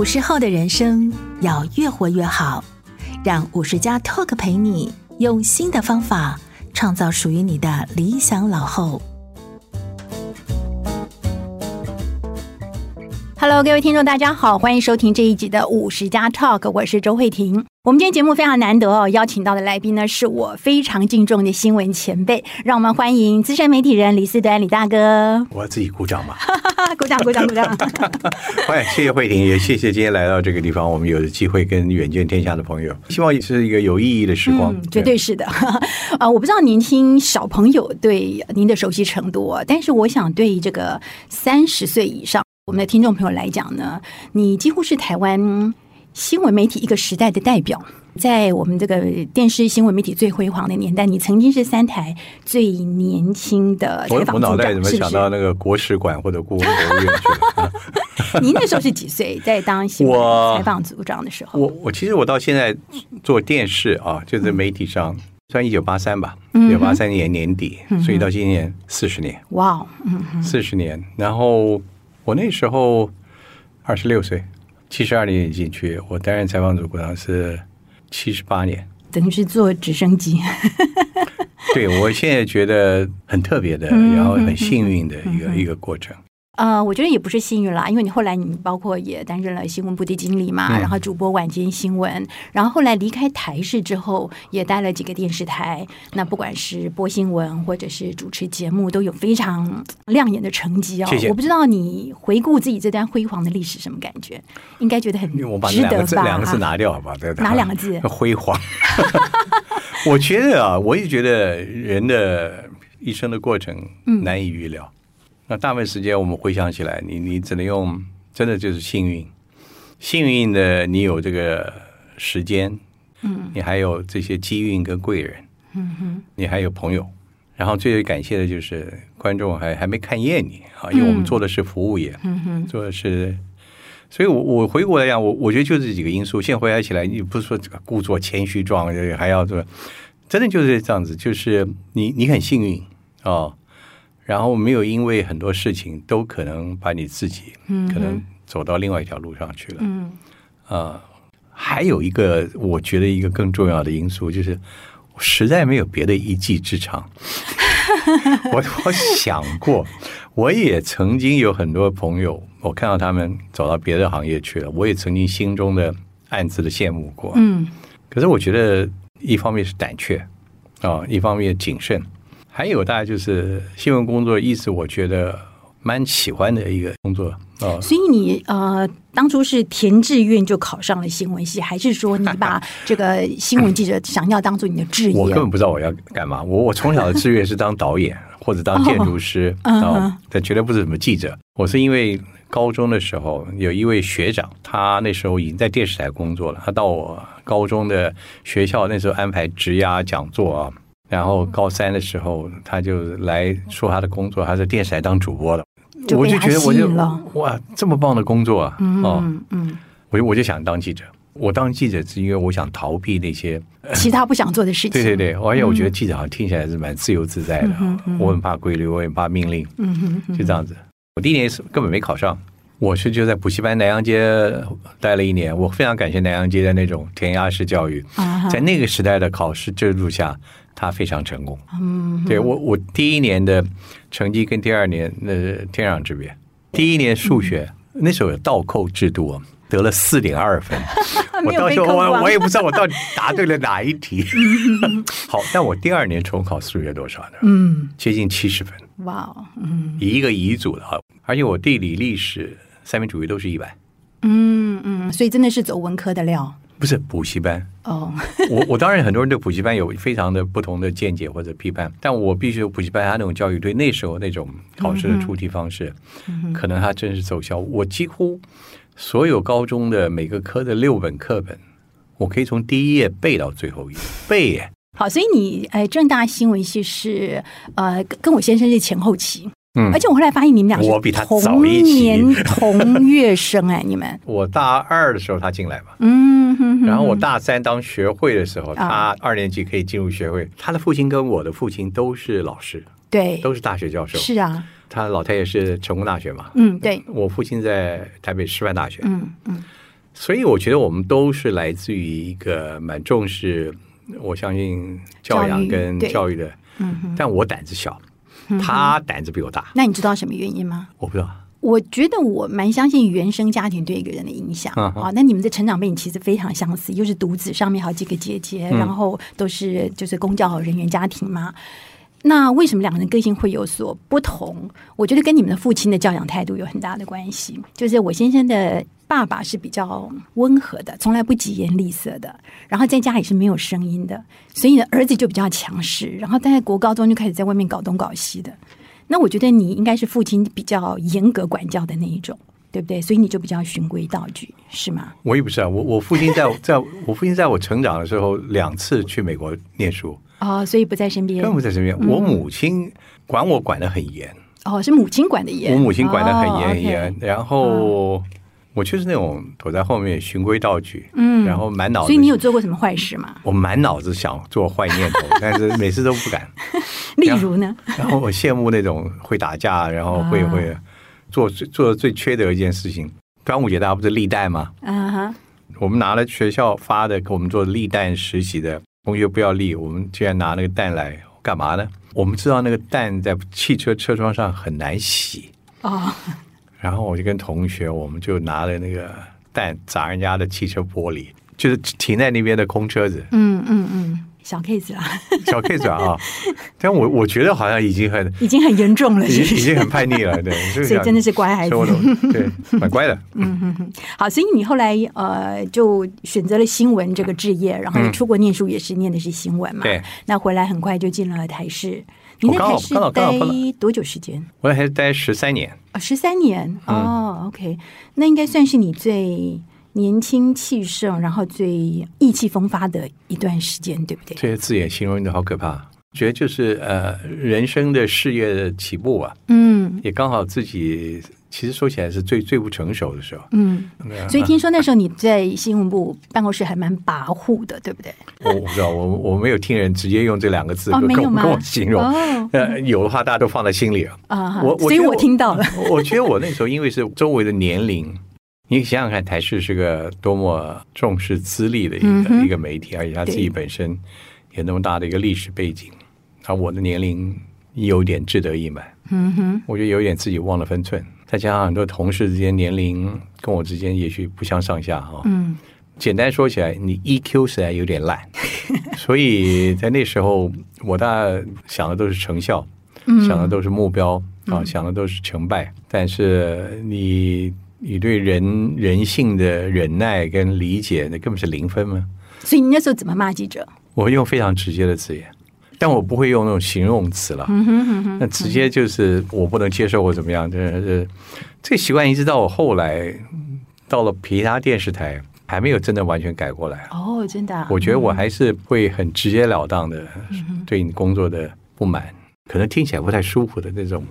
五十後的人生要越活越好，讓五十加 Talk 陪你，用新的方法創造屬於你的理想老後。哈嘍，Hello, 各位聽眾，大家好，歡迎收聽這一集的 50+Talk，我是周慧婷。我們今天節目非常難得哦，邀請到的來賓呢是我非常敬重的新聞前輩，讓我們歡迎資深媒體人李四端李大哥。我自己鼓掌嘛 ，鼓掌鼓掌鼓掌。哎 謝謝慧婷，也謝謝今天來到這個地方，我們有機會跟遠見天下的朋友，希望也是一個有意義的時光，嗯、對絕對是的。啊、 呃，我不知道年輕小朋友對您的熟悉程度，但是我想對這個三十歲以上。我們的聽眾朋友來講呢，你幾乎是台灣新聞媒體一個時代的代表，在我們這個電視新聞媒體最輝煌的年代，你曾經是三台最年輕的採訪組長，我我腦袋怎麼想到那個國史館或者故宮博物院？您、 啊、 那時候是幾歲，在當新聞我採訪組長的時候？我我其實我到現在做電視啊，就是媒體上算一九八三吧，一九八三年年底，嗯、哼所以到今年四十年，哇，四、嗯、十年，然後。我那時候二十六歲，七十二年進去，我擔任採訪組組長是七十八年，等於是坐直升機。 對，我現在覺得很特別的，嗯、然後很幸運的一個、嗯、哼一個過程。嗯呃，我覺得也不是幸運啦，因為你後來你包括也擔任了新聞部的經理嘛，嗯、然後主播晚間新聞，然後後來離開台視之後，也待了幾個電視台，那不管是播新聞或者是主持節目，都有非常亮眼的成績哦。謝謝。我不知道你回顧自己這段輝煌的歷史什麼感覺，應該覺得很值得吧？我把這兩個兩個字拿掉好吧？拿兩個字？他個字輝煌。 我覺得啊，我也覺得人的一生的過程難以預料。嗯那大部分時間，我們回想起來，你你只能用，真的就是幸運，幸運的你有這個時間，嗯，你還有這些機運跟貴人，嗯哼，你還有朋友，然後最為感謝的就是觀眾還還沒看厭你啊，因為我們做的是服務業，嗯哼，做的是，所以我我回過來講，我我覺得就這幾個因素，現在回想起來，你不是說故作謙虛狀，還要這個，真的就是這樣子，就是你你很幸運啊。哦然後沒有，因為很多事情都可能把你自己可能走到另外一條路上去了。嗯，啊，還有一個我覺得一個更重要的因素就是，我實在沒有別的一技之長。我 我想過，我也曾經有很多朋友，我看到他們走到別的行業去了，我也曾經心中的暗自的羨慕過。嗯，可是我覺得一方面是膽怯啊、哦，一方面謹慎。還有，大家就是新聞工作，一直我覺得蠻喜歡的一個工作啊。嗯，所以你呃，當初是填志願就考上了新聞系，還是說你把這個新聞記者想要當做你的志願？ 我根本不知道我要幹嘛。我我從小的志願是當導演 或者當建築師啊， 但絕對不是什麼記者。我是因為高中的時候有一位學長，他那時候已經在電視台工作了，他到我高中的學校那時候安排職涯講座啊。然後高三的時候，他就來說他的工作，他在電視台當主播了。我就覺得，我就哇，這麼棒的工作啊！哦，嗯，嗯我就我就想當記者。我當記者是因為我想逃避那些其他不想做的事情。對對對，而且，哎，嗯，我覺得記者好像聽起來是蠻自由自在的。嗯、我很怕規律，我也怕命令。嗯，嗯就這樣子。我第一年是根本沒考上，我是就在補習班南陽街待了一年。我非常感謝南陽街的那種填鴨式教育，啊哈，在那個時代的考試制度下。他非常成功，嗯、哼對，我我第一年的成績跟第二年那天壤之別。第一年的數學、嗯、那時候有倒扣制度，得了四點二分。 啊、我到時候我我也不知道我到底答對了哪一題。嗯、 好，但我第二年重考數學多少呢？嗯，接近七十分。哇哦，嗯、一個乙組的哈，而且我地理、歷史、三民主義都是一百。嗯嗯，所以真的是走文科的料。不是補習班哦，oh. 我我當然很多人對補習班有非常的不同的見解或者批判，但我必須有補習班它那種教育對那時候那種考試的出題方式，mm hmm. 可能它真是奏效。Mm hmm. 我幾乎所有高中的每個科的六本課本，我可以從第一頁背到最後一頁。背耶。好，所以你哎、呃，政大新聞系、就是呃，跟我先生是前後期。嗯，而且我後來發現你們倆同同、哎，你們嗯、我比他早一年同月生哎，你們我大二的時候他進來嘛，嗯，嗯，然後我大三當學會的時候，嗯、他二年級可以進入學會。哦、他的父親跟我的父親都是老師，對，都是大學教授，是啊。他老太爺是成功大學嘛，嗯，對。我父親在台北師範大學，嗯嗯。嗯，所以我覺得我們都是來自於一個蠻重視，我相信教養跟教育的，育嗯，但我膽子小。他膽子比我大。那你知道什麼原因嗎？我不知道。我覺得我蠻相信原生家庭對一個人的影響。好、嗯哼，那你們的成長背景其實非常相似，又是獨子，上面好幾個姐姐，然後都是就是公教人員家庭嘛。嗯那為什麼兩個人個性會有所不同？我覺得跟你們的父親的教養態度有很大的關係。就是我先生的爸爸是比較溫和的，從來不疾言厲色的，然後在家也是沒有聲音的，所以你的兒子就比較強勢。然後在國高中就開始在外面搞東搞西的。那我覺得你應該是父親比較嚴格管教的那一種，對不對？所以你就比較循規蹈矩，是嗎？我也不是啊，我我父親在在我父親在我成長的時候， 兩次去美國念書。哦，所以不在身邊，更不在身邊。我母親管我管得很嚴。哦，是母親管的嚴。我母親管的很嚴很嚴，然後我就是那種躲在後面循規蹈矩，嗯，然後滿腦子。所以你有做過什麼壞事嗎？我滿腦子想做壞念頭，但是每次都不敢。例如呢？然後我羨慕那種會打架，然後會會做做最缺德的一件事情。端午節大家不是立蛋嗎？嗯哼，我們拿了學校發的，給我們做立蛋實習的。同學不要立，我們居然拿那個蛋來幹嘛呢？我們知道那個蛋在汽車車窗上很難洗啊，oh. 然後我就跟同學，我們就拿了那個蛋砸人家的汽車玻璃，就是停在那邊的空車子。嗯嗯嗯。嗯嗯。小 case, 小 case 啊，小 case 啊！但我我覺得好像已經很，已經很嚴重了是是已，已經很叛逆了。對， 所以真的是乖孩子，對，蠻乖的。 嗯嗯嗯。好，所以你後來呃，就選擇了新聞這個職業，然後出國唸書也是念的是新聞嘛？對、嗯。那回來很快就進了台視，你在台視待多久時間？我在台待十三年，十三、哦、年、嗯、哦。OK，那應該算是你最。年輕氣盛，然後最意氣風發的一段時間，對不對？這些字眼形容你好可怕，覺得就是呃人生的事業的起步啊，嗯，也剛好自己其實說起來是最最不成熟的時候，嗯，嗯，所以聽說那時候你在新聞部辦公室還蠻跋扈的，對不對？我不知道，我我沒有聽人直接用這兩個字沒有嗎？跟我形容，哦、呃，有的話大家都放在心裡了啊哈我。我所以我聽到了我我。我覺得我那時候因為是周圍的年齡。你想想看，台視是個多麼重視資歷的一個一個媒體，嗯、哼而且他自己本身也那麼大的一個歷史背景。而對、啊、我的年齡有點志得意滿，嗯、哼我覺得有點自己忘了分寸。再加上很多同事之間年齡跟我之間也許不相上下啊。嗯、簡單說起來，你 EQ 實在有點爛， 所以在那時候，我大想的都是成效，嗯、想的都是目標啊，嗯、想的都是成敗。但是你。你對人人性的忍耐跟理解，那根本是零分嗎？所以你那時候怎麼罵記者？我會用非常直接的字眼，但我不會用那種形容詞了。嗯嗯、那直接就是我不能接受，我怎麼樣？這這、嗯哼就是、這個習慣一直到我後來到了其他電視台，還沒有真的完全改過來。哦，真的、啊？我覺得我還是會很直截了當的對你工作的不滿，嗯、哼可能聽起來不太舒服的那種。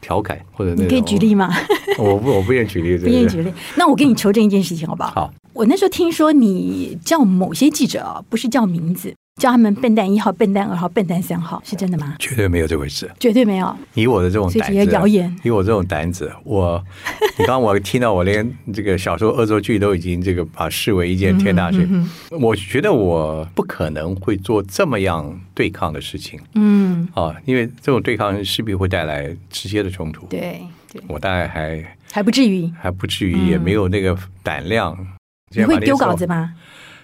調侃或者，你可以舉例嗎？ 我，我不我不願意舉例，是不是，不願意舉例。那我給你求證一件事情好不好？ 好，我那時候聽說你叫某些記者，不是叫名字。叫他們笨蛋一號、笨蛋二號、笨蛋三號，是真的嗎？絕對沒有這回事。絕對沒有。以我的這種膽子，所以謠言，以我這種膽子，我 你剛，剛我聽到，我連這個小時候惡作劇都已經這個把視為一件天大事。嗯嗯、我覺得我不可能會做這麼樣對抗的事情。嗯，哦、啊，因為這種對抗勢必會帶來直接的衝突。對對，對我大概還還不至於，還不至於，嗯、也沒有那個膽量。你會丟稿子嗎？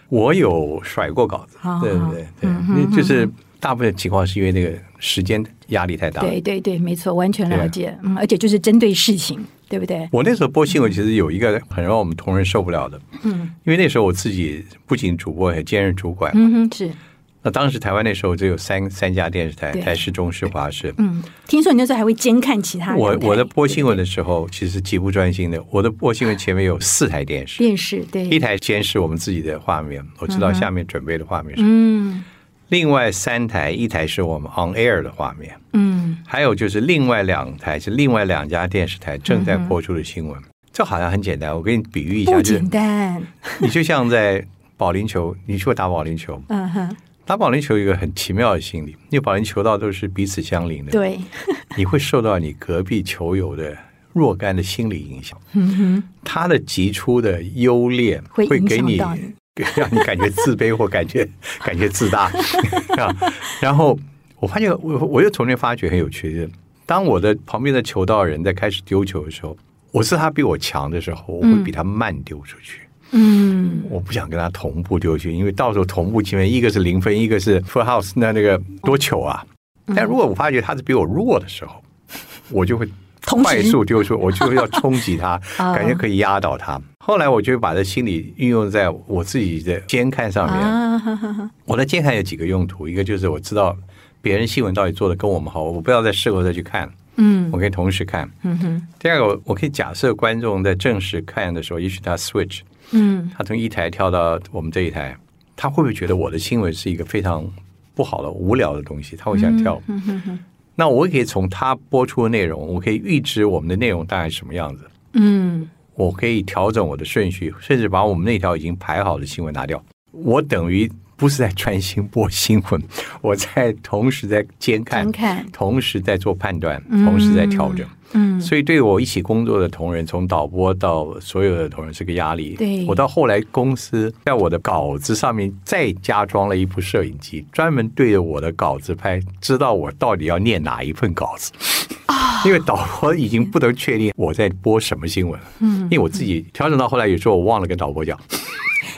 我有甩過稿子，好好，對不對？嗯、哼對那、嗯、哼就是大部分情況是因為那個時間壓力太大了。對對對，沒錯，完全了解吧、嗯，而且就是針對事情，對不對？我那時候播新聞，其實有一個很讓我們同仁受不了的，嗯、因為那時候我自己不僅主播，也兼任主管、嗯、是。那當時台灣那時候只有三三家電視台，台視、中視、華視。嗯，聽說你那時候還會監看其他。我我在播新聞的時候，其實極不專心的。我的播新聞前面有四台電視，電視對一台監視我們自己的畫面，我知道下面準備的畫面是嗯，另外三台，一台是我們 on air 的畫面，嗯，還有就是另外兩台是另外兩家電視台正在播出的新聞。這好像很簡單，我給你比喻一下，就簡單。你就像在保齡球，你去過打保齡球。嗯哼。打保齡球有一個很奇妙的心理，因為保齡球道都是彼此相鄰的，對你會受到你隔壁球友的若干的心理影響，嗯、哼他的擊出的優劣會給你，會影響到你，給讓你感覺自卑或感覺 感覺自大。 然後我發現我我又從這發覺很有趣，當我的旁邊的球道人在開始丟球的時候，我是他比我強的時候，我會比他慢丟出去。嗯嗯，我不想跟他同步丟去，因為到時候同步前面，一個是零分，一個是 full house，那那個多糗啊！嗯、但如果我發覺他是比我弱的時候，我就會快速丟出，情我就會要衝擊他， 啊、感覺可以壓倒他。後來我就把這心理運用在我自己的監看上面。啊啊啊、我的監看有幾個用途，一個就是我知道別人新聞到底做得跟我們好，我不要在事後再去看。嗯，我可以同時看。嗯哼第二個，我可以假設觀眾在正式看的時候，也許他 switch。嗯，他從一台跳到我們這一台，他會不會覺得我的新聞是一個非常不好的、無聊的東西？他會想跳。嗯、呵呵。那我可以從他播出的內容，我可以預知我們的內容大概什麼樣子。嗯，我可以調整我的順序，甚至把我們那條已經排好的新聞拿掉。我等於不是在專心播新聞，我在同時在監看，看同時在做判斷，嗯、同時在調整。嗯，所以對我一起工作的同仁，從導播到所有的同仁是個壓力。對，我到後來，公司在我的稿子上面再加裝了一部攝影機，專門對着我的稿子拍，知道我到底要念哪一份稿子。哦，因為導播已經不能確定我在播什麼新聞了。嗯，因為我自己調整到後來，有時候我忘了跟導播講。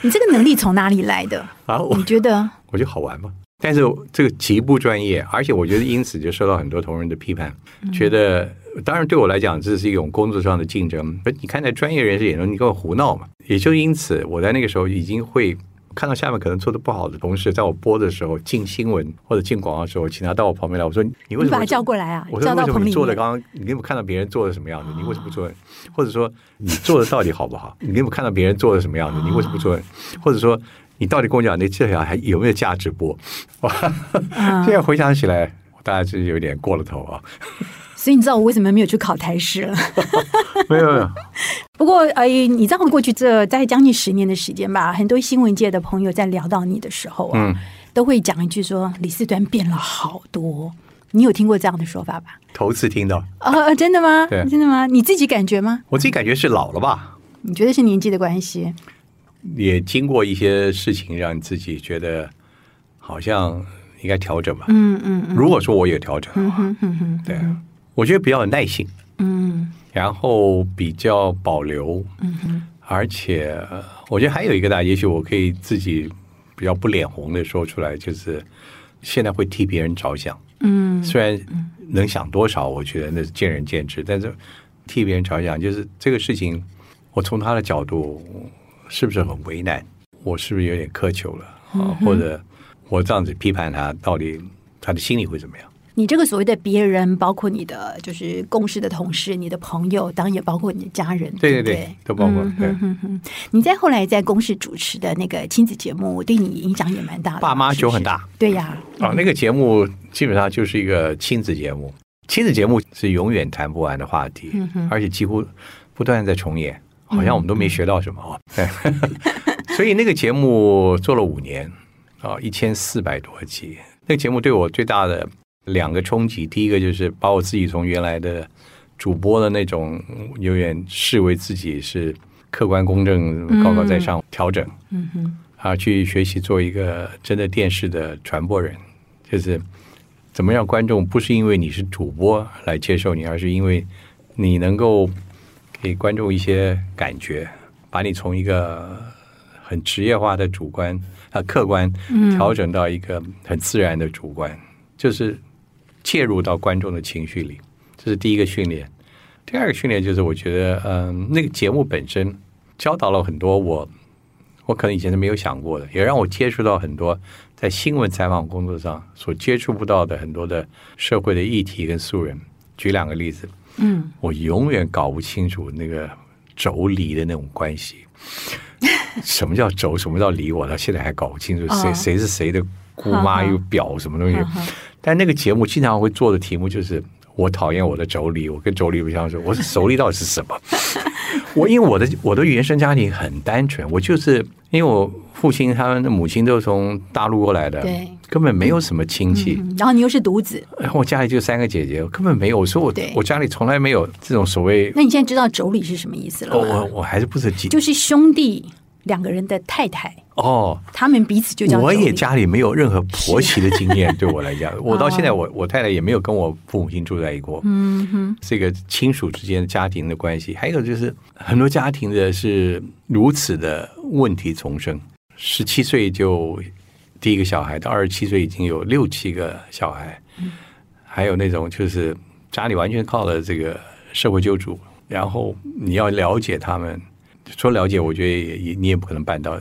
你這個能力從哪裡來的？啊，我，你覺得？我覺得好玩嗎？但是這個極不專業，而且我覺得因此就受到很多同仁的批判。嗯、覺得當然對我來講這是一種工作上的競爭，不，你看在專業人士眼中你跟我胡鬧嘛。也就因此，我在那個時候已經會看到下面可能做的不好的同事，在我播的時候進新聞或者進廣告的時候，請他到我旁邊來，我說你為什麼把他叫過來啊？我說那什麼你做的剛剛你有沒有看到別人做的什麼樣子？你為什麼不做人？或者說你做的到底好不好？ 你有沒有看到別人做的什麼樣子？你為什麼不做人？或者說？你到底跟我講，你這條還有沒有價值播？現在回想起來，uh, 我當然是有點過了頭啊。所以你知道我為什麼沒有去考台師了？ 沒，有沒有。沒有。不過哎、呃，你知道過去這在將近十年的時間吧，很多新聞界的朋友在聊到你的時候啊，嗯、都會講一句說：“李四端變了好多。”你有聽過這樣的說法吧？頭次聽到啊、呃，真的嗎？真的嗎？你自己感覺嗎？我自己感覺是老了吧？你覺得是年紀的關係？也經過一些事情，讓你自己覺得好像應該調整吧。嗯嗯，如果說我有調整的話，對，我覺得比較有耐性。嗯，然後比較保留。嗯嗯，而且我覺得還有一個呢，也許我可以自己比較不臉紅的說出來，就是現在會替別人着想。嗯，雖然能想多少，我覺得那是見仁見智，但是替別人着想，就是這個事情，我從他的角度。是不是很為難？我是不是有點苛求了啊？嗯、哼或者我這樣子批判他，到底他的心裡會怎麼樣？你這個所謂的別人，包括你的就是公司的同事、你的朋友，當然也包括你的家人，對對對，都包括。嗯、哼哼對，你在後來在公司主持的那個親子節目，對你影響也蠻大的。爸媽影很大，是是對呀。嗯、啊，那個節目基本上就是一個親子節目，親子節目是永遠談不完的話題，嗯、哼而且幾乎不斷在重演。 好像我們都沒學到什麼哦、啊， 所以那個節目做了五年啊，一千四百多集。那個節目對我最大的兩個衝擊，第一個就是把我自己從原來的主播的那種，永遠視為自己是客觀公正、高高在上，調整，啊，去學習做一個真的電視的傳播人，就是怎麼讓觀眾不是因為你是主播來接受你，而是因為你能夠。給觀眾一些感覺，把你從一個很職業化的主觀啊、呃、客觀，調整到一個很自然的主觀，嗯、就是介入到觀眾的情緒裡。這是第一個訓練。第二個訓練就是，我覺得，嗯、呃，那個節目本身教導了很多我，我可能以前都沒有想過的，也讓我接觸到很多在新聞採訪工作上所接觸不到的很多的社會的議題跟素人。舉兩個例子。嗯， 我永遠搞不清楚那個妯娌的那種關係。什麼叫妯，什麼叫娌，我到現在還搞不清楚誰誰是誰的姑媽又表什麼東西？但那個節目經常會做的題目就是，我討厭我的妯娌，我跟妯娌不相熟，我妯娌到底是什麼？我因為我的我的原生家庭很單純，我就是。因為我父親他們的母親都是從大陸過來的，對，根本沒有什麼親戚。嗯嗯、然後你又是獨子，然後我家裡就三個姐姐，我根本沒有我說我，對我家裡從來沒有這種所謂。那你現在知道妯娌是什麼意思了嗎？哦，我我還是不是姐，就是兄弟。兩個人的太太哦，他們彼此就叫我也家裡沒有任何婆媳的經驗，對我來講，是 我到現在我我太太也沒有跟我父母親住在一塊過。嗯哼，這個親屬之間的家庭的關係，還有就是很多家庭的是如此的問題叢生，十七歲就第一個小孩，到二十七歲已經有六七個小孩，嗯、還有那種就是家裡完全靠了這個社會救助，然後你要了解他們。說了解，我覺得也也你也不可能辦到，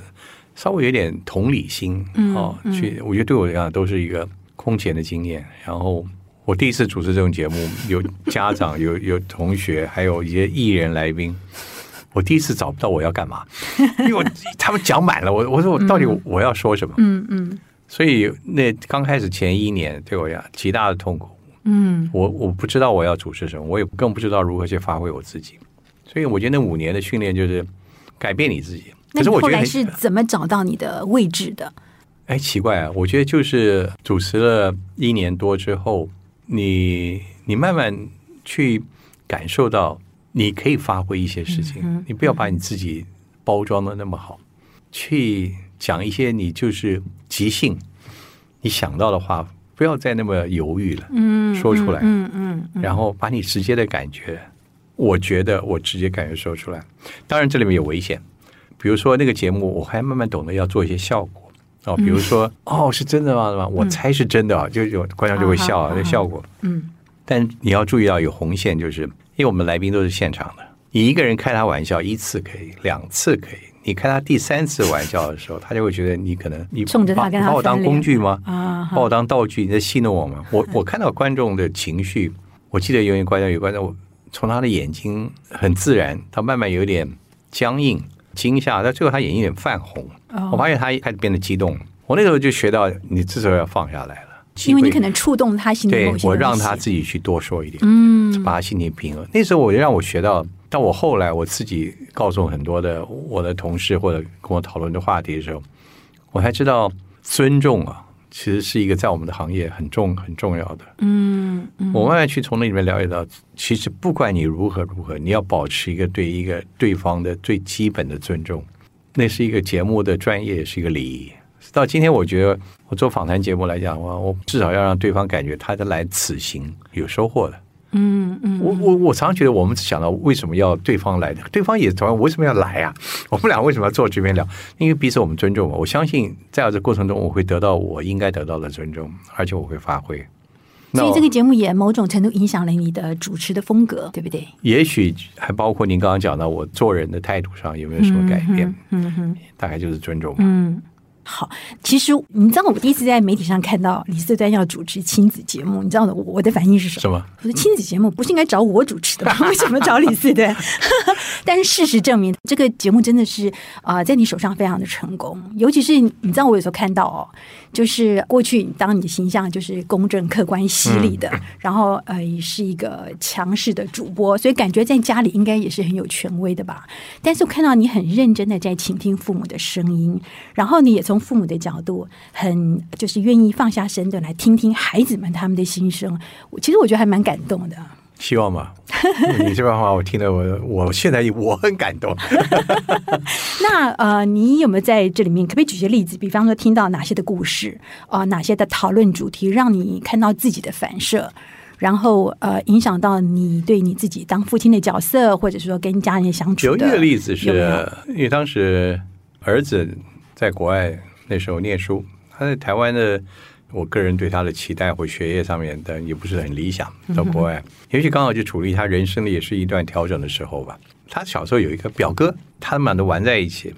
稍微有點同理心啊、哦嗯嗯、去我覺得對我來講都是一個空前的經驗。然後我第一次主持這種節目，有家長、 有有同學，還有一些藝人來賓，我第一次找不到我要幹嘛，因為我他們講滿了，我我說我到底我要說什麼？嗯嗯。嗯所以那剛開始前一年，對我來講極大的痛苦。嗯，我我不知道我要主持什麼，我也更不知道如何去發揮我自己。所以我覺得那五年的訓練就是改變你自己。可是我覺得那你後來是怎麼找到你的位置的？哎，奇怪啊！我覺得就是主持了一年多之後，你你慢慢去感受到你可以發揮一些事情。嗯嗯、你不要把你自己包裝的那麼好，嗯嗯、去講一些你就是即興你想到的話，不要再那麼猶豫了。嗯，說出來，嗯嗯，嗯嗯然後把你直接的感覺。我覺得我直接感覺說出來，當然這裡面有危險。比如說那個節目，我還慢慢懂得要做一些效果哦。比如說、嗯、哦是真的嗎？我猜是真的啊，嗯、就有觀眾就會笑啊，那效果。啊、嗯，但你要注意到有紅線，就是因為我們來賓都是現場的，你一個人開他玩笑一次可以，兩次可以，你開他第三次玩笑的時候， 他就會覺得你可能你把，他他你把我當工具嗎？啊，把我當道具你在戲弄我嗎？我我看到觀眾的情緒，我記得有位觀眾有觀眾從他的眼睛很自然，他慢慢有點僵硬，驚嚇，到最後他眼睛有點泛紅。Oh. 我發現他開始變得激動。我那時候就學到，你這時候要放下來了，因為你可能觸動他心裡。對，我讓他自己去多說一點，嗯，把他心情平和。嗯，那時候我就讓我學到，到我後來我自己告訴很多的我的同事或者跟我討論的話題的時候，我才知道尊重啊。其實是一個在我們的行業很重很重要的。嗯，我慢慢去從那裡面了解到，其實不管你如何如何，你要保持一個對一個對方的最基本的尊重，那是一個節目的專業，也是一個禮儀。到今天，我覺得我做訪談節目來講的話，我我至少要讓對方感覺他的來此行有收穫的。嗯嗯，嗯，我我我常常覺得，我們是想到為什麼要對方來的，對方也同樣，為什麼要來啊？我們倆為什麼要坐這邊聊？因為彼此我們尊重嘛。我相信，在這過程中，我會得到我應該得到的尊重，而且我會發揮。所以這個節目也某種程度影響了你的主持的風格，對不對？也許還包括您剛剛講到，我做人的態度上有沒有什麼改變？嗯哼，嗯嗯嗯，大概就是尊重嗯。好，其實你知道我第一次在媒體上看到李四端要主持親子節目，你知道的，我的反應是什麼？嗎我的親子節目不是應該找我主持的吧？ 為什麼找李四端？ 但是事實證明，這個節目真的是啊、呃，在你手上非常的成功。尤其是你知道我有時候看到哦，就是過去當你的形象就是公正、客觀、犀利的，嗯、然後呃也是一個強勢的主播，所以感覺在家裡應該也是很有權威的吧。但是我看到你很認真的在傾聽父母的聲音，然後你也從。從父母的角度，很就是願意放下身段來聽聽孩子們他們的心聲。我其實我覺得還蠻感動的。希望吧、 嗯，你這番話我聽得我我現在我很感動。 那呃，你有沒有在這裡面可不可以舉些例子？比方說聽到哪些的故事啊、呃，哪些的討論主題，讓你看到自己的反射，然後呃，影響到你對你自己當父親的角色，或者說跟家人相處的。有一個例子是有沒有因為當時兒子在國外。那時候念書，他在台灣的，我個人對他的期待或學業上面的也不是很理想。到國外，嗯、哼也許剛好就處理他人生的也是一段調整的時候吧。他小時候有一個表哥，他們倆都玩在一起。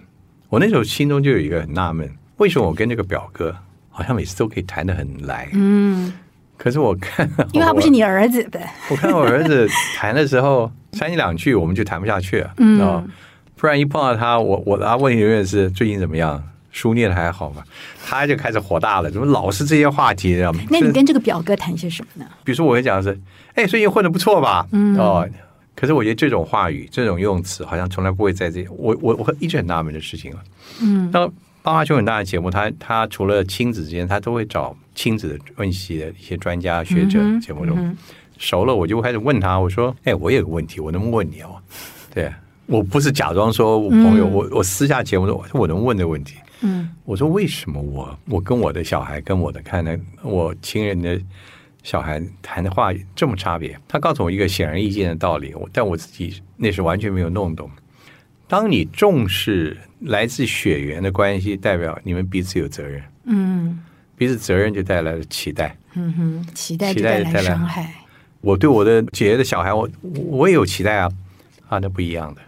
我那時候心中就有一個很納悶：為什麼我跟這個表哥好像每次都可以談得很來？嗯，可是我看，因為他不是你兒子，對。我看我兒子談的時候，三言兩句我們就談不下去了。嗯，然不然一碰到他，我我的問題永遠是最近怎麼樣。書念的還好吧？他就開始火大了，怎麼老是這些話題，知道嗎？那你跟這個表哥談些什麼呢？比如說我會講的是，哎，最近混得不錯吧？嗯，哦，可是我覺得這種話語、這種用詞，好像從來不會在這。我我我會一直很納悶的事情啊。嗯。那《爸媽囧很大》的節目，他他除了親子之間，他都會找親子的問題的一些專家學者。節目中、嗯嗯、熟了，我就開始問他，我說：“哎，我有個問題，我能問你哦？”對，我不是假裝說我朋友，嗯、我我私下節目說我能問的問題。嗯，我說為什麼我我跟我的小孩跟我的看呢？我親人的小孩談的話這麼差別？他告訴我一個顯而易見的道理，但我自己那時完全沒有弄懂。當你重視來自血緣的關係，代表你們彼此有責任。嗯，彼此責任就帶來了期待。嗯哼，期待就帶來，期待就帶來傷害。我對我的姐姐的小孩，我我也有期待啊啊，那不一樣的，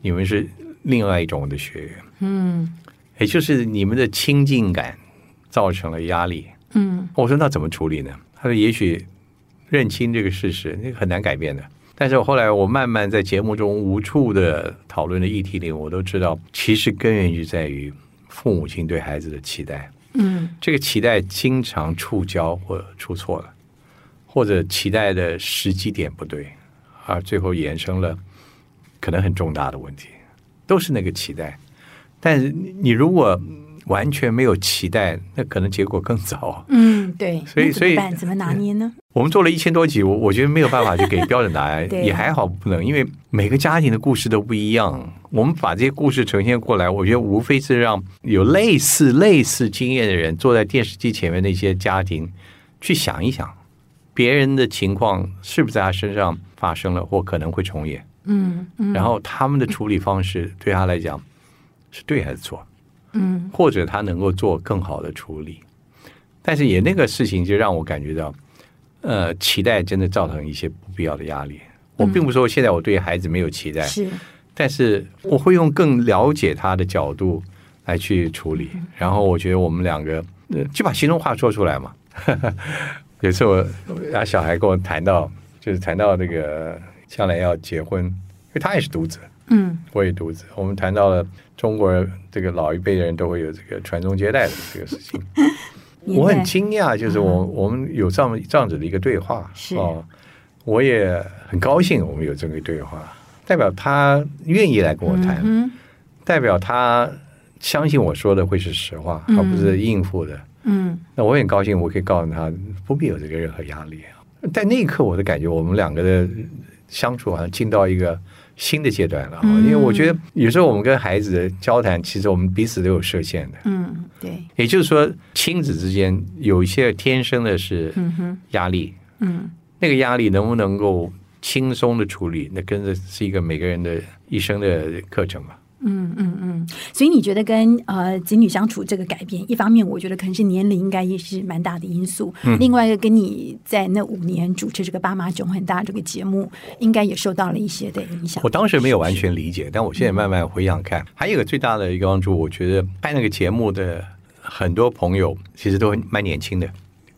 你們是另外一種的血緣。嗯。也就是你們的親近感造成了壓力。嗯，我說那怎麼處理呢？他說也許認清這個事實，那個很難改變的。但是我後來我慢慢在節目中無處的討論的議題裡，我都知道，其實根源就在於父母親對孩子的期待。嗯，這個期待經常觸礁或出錯了，或者期待的時機點不對，而最後衍生了可能很重大的問題，都是那個期待。但是你如果完全沒有期待，那可能結果更糟。嗯，對。所以，所以怎麼辦？怎麼拿捏呢？我們做了一千多集，我我覺得沒有辦法去給標準答案， 啊、也還好不能，因為每個家庭的故事都不一樣。我們把這些故事呈現過來，我覺得無非是讓有類似類似經驗的人坐在電視機前面那些家庭去想一想，別人的情況是不是在他身上發生了，或可能會重演。嗯。嗯然後他們的處理方式、嗯、對他來講。是對還是錯？嗯，或者他能夠做更好的處理，嗯、但是也那個事情就讓我感覺到，呃，期待真的造成一些不必要的壓力。嗯、我並不說現在我對孩子沒有期待，嗯、但是我會用更了解他的角度來去處理。嗯、然後我覺得我們兩個就把心中話說出來嘛。 有一次我家小孩跟我談到，就是談到這、那個將來要結婚，因為他也是獨子。嗯，我也獨自。嗯、我們談到了中國人這個老一輩人都會有這個傳宗接代的這個事情， 對我很驚訝，就是我們、嗯、我們有這麼這樣子的一個對話，是、哦、我也很高興我們有這個對話，代表他願意來跟我談，嗯、代表他相信我說的會是實話，而、嗯、不是應付的。嗯，那我很高興，我可以告訴他不必有這個任何壓力。在、嗯、那一刻，我的感覺我們兩個的相處好像進到一個。新的階段了，因為我覺得有時候我們跟孩子的交談，其實我們彼此都有設限的。嗯，對。也就是說，親子之間有一些天生的是壓力。嗯，那個壓力能不能夠輕鬆的處理，那真的是一個每個人的一生的課程吧。嗯嗯嗯，所以你覺得跟呃子女相處這個改變，一方面我覺得可能是年齡應該也是蠻大的因素，嗯、另外一個跟你在那五年主持這個《爸媽囧很大》這個節目，應該也受到了一些的影響的。我當時沒有完全理解，是但我現在慢慢回想看，嗯、還有一個最大的一個幫助，我覺得拍那個節目的很多朋友其實都很蠻年輕的。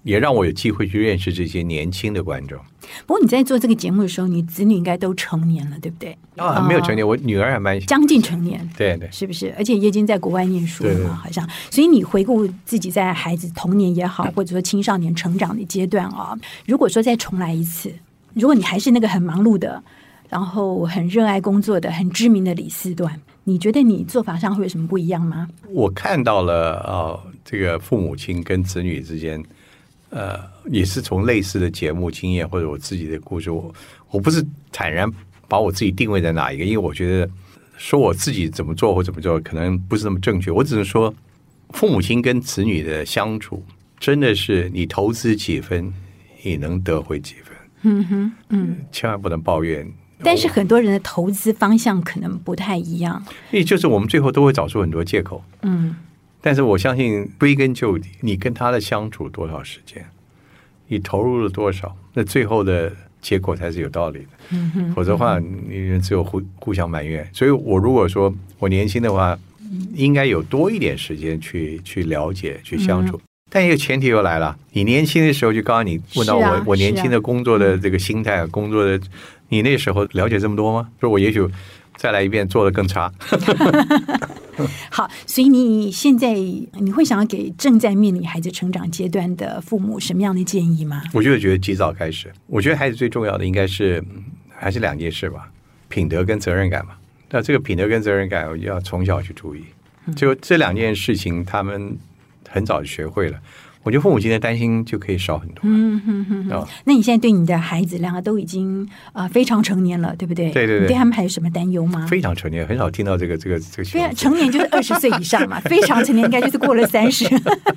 也讓我有機會去認識這些年輕的觀眾。不過你在做這個節目的時候，你子女應該都成年了，對不對？啊、哦，沒有成年，呃、我女兒還蠻將近成年，對對，對是不是？而且也已經在國外念書嘛，對好像。所以你回顧自己在孩子童年也好，或者說青少年成長的階段啊、哦，如果說再重來一次，如果你還是那個很忙碌的，然後很熱愛工作的、很知名的李四端，你覺得你做法上會有什麼不一樣嗎？我看到了啊、哦，這個父母親跟子女之間。呃，也是從類似的節目經驗，或者我自己的故事我，我我不是坦然把我自己定位在哪一個，因為我覺得說我自己怎麼做或怎麼做，可能不是那麼正確。我只能說，父母親跟子女的相處，真的是你投資幾分，你能得回幾分。嗯哼，嗯，千萬不能抱怨。但是很多人的投資方向可能不太一樣，我嗯，也就是我們最後都會找出很多借口。嗯。但是我相信，歸根究底，你跟他的相處多少時間，你投入了多少，那最後的結果才是有道理的。嗯嗯、否則的話，你只有互互相埋怨。所以，我如果說我年輕的話，應該有多一點時間去去了解、去相處。嗯、但一個前提又來了，你年輕的時候就剛剛你問到我，啊啊、我年輕的工作的這個心態、工作的，你那時候了解這麼多嗎？說，我也許再來一遍，做得更差。 好，所以你現在你會想要給正在面臨孩子成長階段的父母什麼樣的建議嗎？我就覺得及早開始，我覺得孩子最重要的應該是還是兩件事吧，品德跟責任感嘛。那這個品德跟責任感，我就要從小去注意，就這兩件事情，他們很早就學會了。嗯 我覺得父母現在擔心就可以少很多、啊嗯。嗯嗯嗯、哦、那你現在對你的孩子兩個都已經啊、呃、非常成年了，對不對？對對對，你對他們還有什麼擔憂嗎？非常成年，很少聽到這個這個這個。這個、成年就是二十歲以上嘛， 非常成年應該就是過了三十。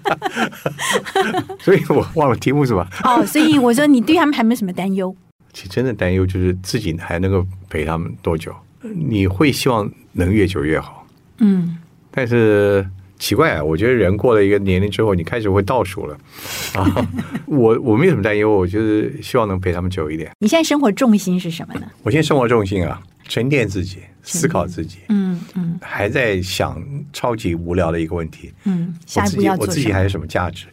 所以我忘了題目是吧？ 哦，所以我說你對他們還沒什麼擔憂。其實真的擔憂就是自己還能夠陪他們多久？你會希望能越久越好。嗯，但是。奇怪啊！我覺得人過了一個年齡之後，你開始會倒數了。啊、我我沒有什麼擔憂，我就是希望能陪他們久一點。你現在生活重心是什麼呢？我現在生活重心啊。沉澱自己，思考自己，嗯嗯，還在想超級無聊的一個問題，嗯，下一步要做，我自、我自己還有什麼價值？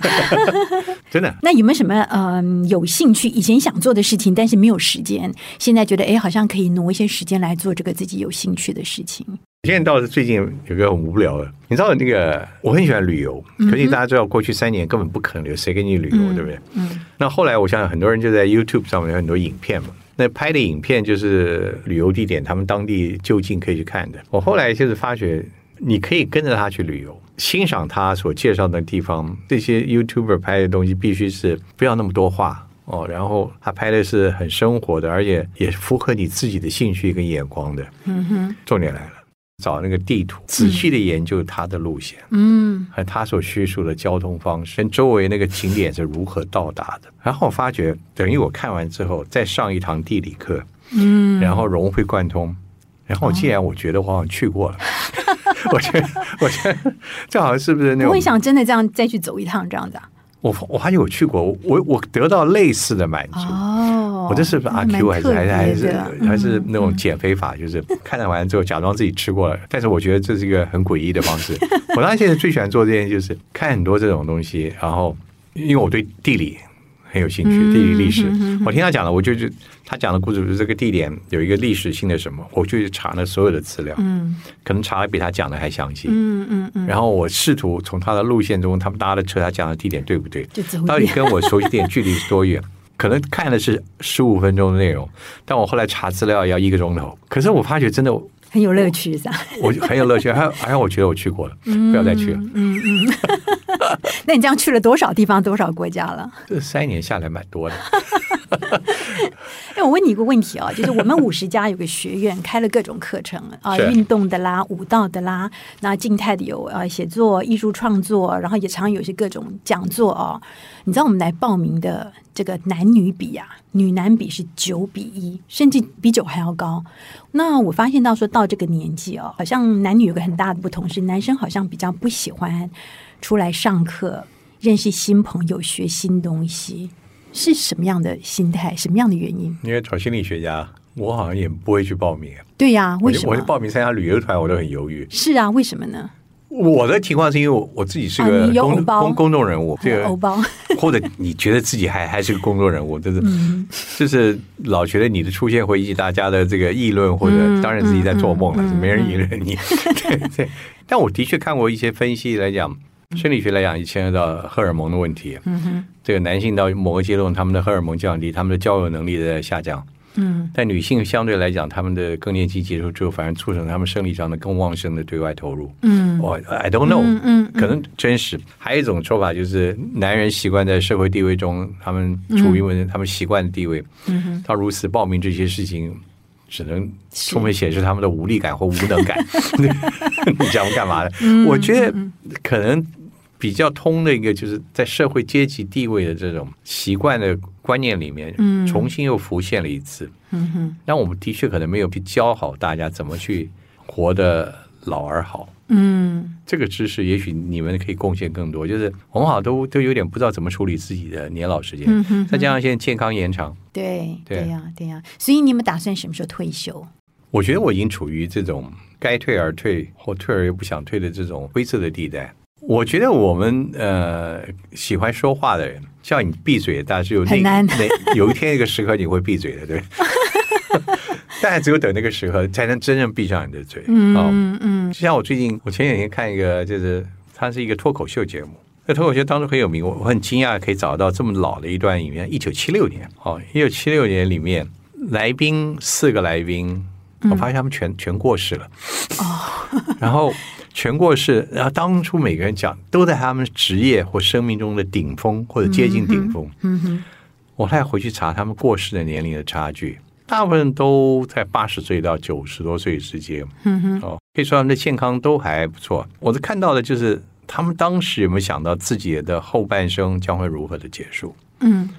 真的？那有沒有什麼嗯、呃、有興趣以前想做的事情，但是沒有時間？現在覺得哎、欸，好像可以挪一些時間來做這個自己有興趣的事情。現在倒是最近有個很無聊的。你知道那個，我很喜歡旅遊，嗯、哼可是大家知道過去三年根本不可能有誰跟你旅遊，嗯、哼對不對？嗯。那後來我想，很多人就在 YouTube 上面有很多影片嘛。那拍的影片就是旅遊地點，他們當地就近可以去看的。我後來就是發覺，你可以跟着他去旅遊，欣賞他所介紹的地方。這些 YouTuber 拍的東西必須是不要那麼多話哦，然後他拍的是很生活的，而且也符合你自己的興趣跟眼光的。嗯哼，重點來了。找那個地圖，仔細的研究他的路線，嗯，和他所敘述的交通方式，跟周圍那個景點是如何到達的。 然後我發覺，等於我看完之後，再上一堂地理課，嗯，然後融會貫通。然後既然我覺得我好像去過了，哦、 我覺得，我覺得這好像是不是那種？你會想真的這樣再去走一趟，這樣子啊？我發我還有去過，我我得到類似的滿足。哦，我這是不是阿 Q 還是還是還是還是那種減肥法？就是看完之後假裝自己吃過了，但是我覺得這是一個很詭異的方式。我當然現在最喜歡做這件事，就是看很多這種東西，然後因為我對地理。很有興趣，地理、這個、歷史，嗯嗯嗯、我聽他講了，我就覺得，他講的故事，是這個地點有一個歷史性的什麼，我就去查了所有的資料，嗯，可能查的比他講的還詳細，嗯，嗯嗯嗯，然後我試圖從他的路線中，他們搭的車，他講的地點對不對？就綜到底跟我熟悉點距離是多遠？ 可能看的是十五分鐘的內容，但我後來查資料要一個鐘頭，可是我發覺真的。很有樂趣，是吧？我很有樂趣， 還好像我覺得我去過了，嗯、不要再去了。嗯嗯，嗯呵呵 那你這樣去了多少地方，多少國家了？這三年下來，蠻多的。 那、嗯、我問你一個問題啊、哦，就是我們 50+ 有個學院，開了各種課程啊、 呃，運動的啦，舞蹈的啦，那靜態的有啊、呃，寫作、藝術創作，然後也常有些各種講座哦。你知道我們來報名的這個男女比啊，女男比是九比一，甚至比九還要高。那我發現到說到這個年紀哦，好像男女有個很大的不同，是男生好像比較不喜歡出來上課，認識新朋友，學新東西。是什麼樣的心態？什麼樣的原因？因為找心理學家，我好像也不會去報名。對呀，為什麼？我去報名參加旅遊團，我都很猶豫。是啊，為什麼呢？我的情況是因為我自己是個公公公眾人物，這個偶包，或者你覺得自己還還是個公眾人物，就是就是老覺得你的出現會引起大家的這個議論，或者當然自己在做夢了，沒人議論你。對，但我的確看過一些分析來講。生理學來講，也牽涉到了荷爾蒙的問題。這個、嗯、哼男性到某個階段，他們的荷爾蒙降低，他們的交友能力在下降。嗯、哼但女性相對來講，他們的更年期結束之後，反而促成他們生理上的更旺盛的對外投入。嗯、oh,，I don't know，、嗯嗯嗯、可能真實。還有一種說法就是，男人習慣在社會地位中，他們處於他們他們習慣的地位。嗯、哼他如此暴名。這些事情，只能充分顯示他們的無力感或無能感。是 你講我幹嘛的？嗯、我覺得可能。比較通的一個，就是在社會階級地位的這種習慣的觀念裡面，嗯，重新又浮現了一次。但、嗯嗯嗯、我們的確可能沒有去教好大家怎麼去活得老而好。嗯，這個知識也許你們可以貢獻更多。就是我們好像都都有點不知道怎麼處理自己的年老時間，嗯嗯嗯、再加上現在健康延長，對對呀、啊、對呀、啊。所以你們打算什麼時候退休？我覺得我已經處於這種該退而退，或退而又不想退的這種灰色的地帶。我覺得我們呃喜歡說話的人叫你閉嘴，大家只有那那有一天那個時刻你會閉嘴的，對。 但只有等那個時刻才能真正閉上你的嘴。嗯嗯，嗯，就像我最近，我前兩天看一個，就是它是一個脫口秀節目，在、這個、脫口秀當中很有名，我我很驚訝可以找到這麼老的一段影片，一九七六年。哦，一九七六年裡面來賓四個來賓，嗯、我發現他們全全過世了。哦，然後，全過世，然後當初每個人講都在他們職業或生命中的頂峰或者接近頂峰。嗯哼，嗯哼，我再回去查他們過世的年齡的差距，大部分都在八十歲到九十多歲之間。嗯哼，哦，可以說他們的健康都還不錯。我是看到的就是他們當時有沒有想到自己的後半生將會如何的結束？嗯，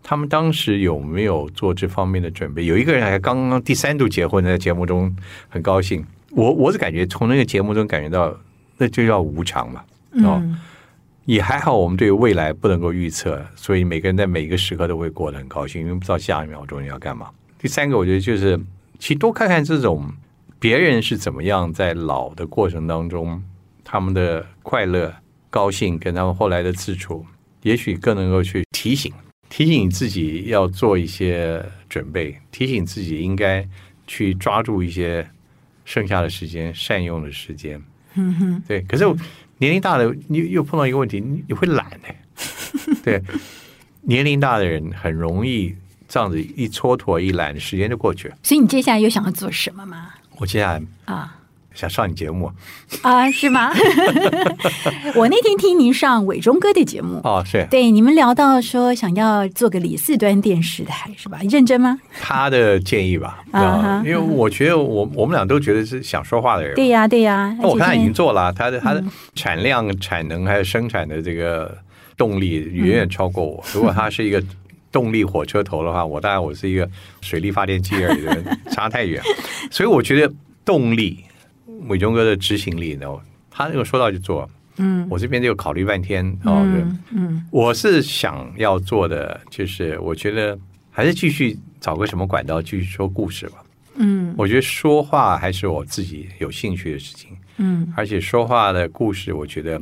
他們當時有沒有做這方面的準備？有一個人還剛剛第三度結婚，在節目中很高興。我我是感覺從那個節目中感覺到，那就叫無常嘛。哦，也還好，我們對未來不能夠預測，所以每個人在每一個時刻都會過得很高興，因為不知道下一秒鐘你要幹嘛。第三個，我覺得就是，其實多看看這種別人是怎麼樣在老的過程當中，他們的快樂、高興跟他們後來的自處，也許更能夠去提醒提醒自己要做一些準備，提醒自己應該去抓住一些，剩下的時間，善用的時間，嗯、哼對。可是、嗯、年齡大的，你又碰到一個問題，你，你會懶呢、欸。對， 年齡大的人很容易這樣子一蹉跎一懶，時間就過去了。所以你接下來又想要做什麼嗎？我接下來啊。哦想上你節目啊？Uh, 是嗎？ 我那天聽您上偉忠哥的節目哦，oh, 是。對，你們聊到說想要做個李四端電視台是吧？認真嗎？他的建議吧，啊、uh，huh. 因為我覺得我我們倆都覺得是想說話的人對、啊。對呀、啊，對呀。那我看他已經做了，他的且他的產量、產能還有生產的這個動力遠遠超過我。嗯、如果他是一個動力火車頭的話， 我當然我是一個水力發電機而已， 差太遠。所以我覺得動力。偉忠哥的執行力呢？他那個說到就做。嗯，我這邊就考慮半天啊、哦嗯。嗯，我是想要做的，就是我覺得還是繼續找個什麼管道繼續說故事吧。嗯，我覺得說話還是我自己有興趣的事情。嗯，而且說話的故事，我覺得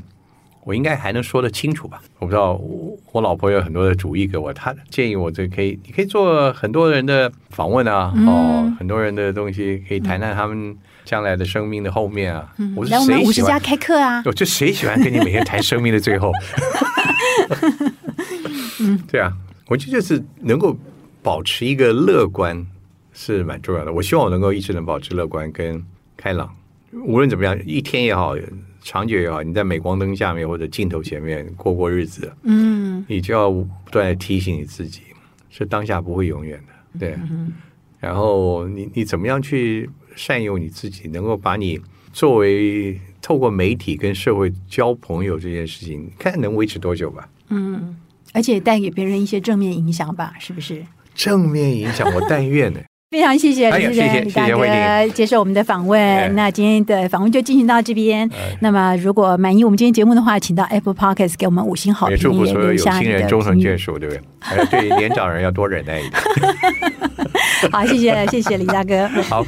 我應該還能說得清楚吧。我不知道，我我老婆有很多的主意給我，她建議我這可以，你可以做很多人的訪問啊，嗯、哦，很多人的東西可以談談他們、嗯。將來的生命的後面啊，我是誰喜歡、嗯、開課啊？哦，這誰喜歡跟你每天談生命的最後？ 對啊，我覺得就是能夠保持一個樂觀是蠻重要的。我希望我能夠一直能保持樂觀跟開朗，無論怎麼樣，一天也好，長久也好，你在鎂光燈下面或者鏡頭前面過過日子，嗯，你就要不斷地提醒你自己，是當下不會永遠的，對。嗯、哼然後你你怎麼樣去？善用你自己，能夠把你作為透過媒體跟社會交朋友這件事情，看能維持多久吧。嗯，而且帶給別人一些正面影響吧，是不是？正面影響，我但願呢。非常謝謝謝謝，李大哥接受我們的訪問。哎、呀那今天的訪問就進行到這邊。哎、呀那麼，如果滿意我們今天節目的話，請到 Apple Podcast 給我們五星好評，也祝福所有有情人終成眷屬，對不對？ 對年長人要多忍耐一點。 好，謝謝，謝謝李大哥。 好。